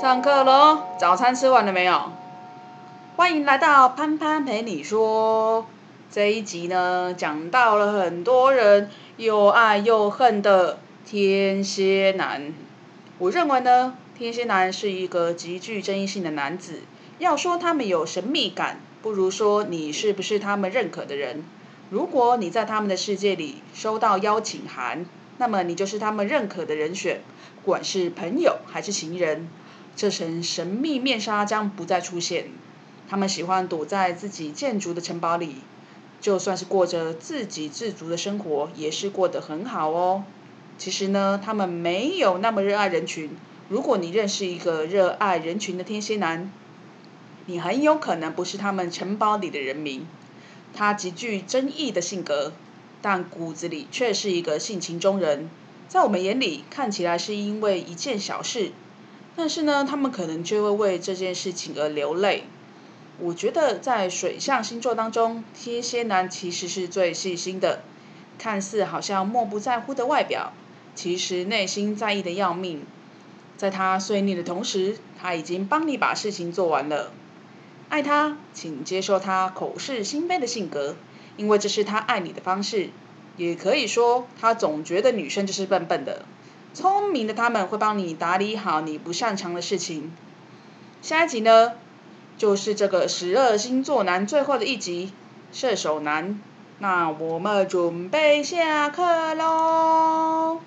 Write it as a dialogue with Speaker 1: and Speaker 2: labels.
Speaker 1: 上課嘍！早餐吃完了沒有？歡迎來到潘潘陪你說。這一集呢，講到了很多人又愛又恨的天蠍男。我認為呢，天蠍男是一個極具爭議性的男子。要說他們有神祕感，不如說你是不是他們認可的人。如果你在他們的世界裡收到邀請函，那麼你就是他們認可的人選，不管是朋友還是情人。這層神秘面紗將不再出現。他們喜歡躲在自己建築的城堡裡，就算是過着自給自足的生活，也是過得很好哦。其實呢，他們沒有那麼熱愛人群。如果你認識一個熱愛人群的天蠍男，你很有可能不是他們城堡裡的人民。他極具爭議的性格，但骨子裡卻是一個性情中人。在我們眼裡，看起來是因為一件小事。但是呢，他們可能就會為這件事情而流淚。我覺得在水象星座當中，天蠍男其實是最細心的，看似好像漠不在乎的外表，其實內心在意得要命。在他碎念的同時，他已經幫你把事情做完了。愛他，請接受他口是心非的性格，因為這是他愛你的方式。也可以說，他總覺得女生就是笨笨的。聰明的他們會幫你打理好你不擅長的事情。下一集呢，就是這個十二星座男最後的一集，射手男。那我們準備下課嘍。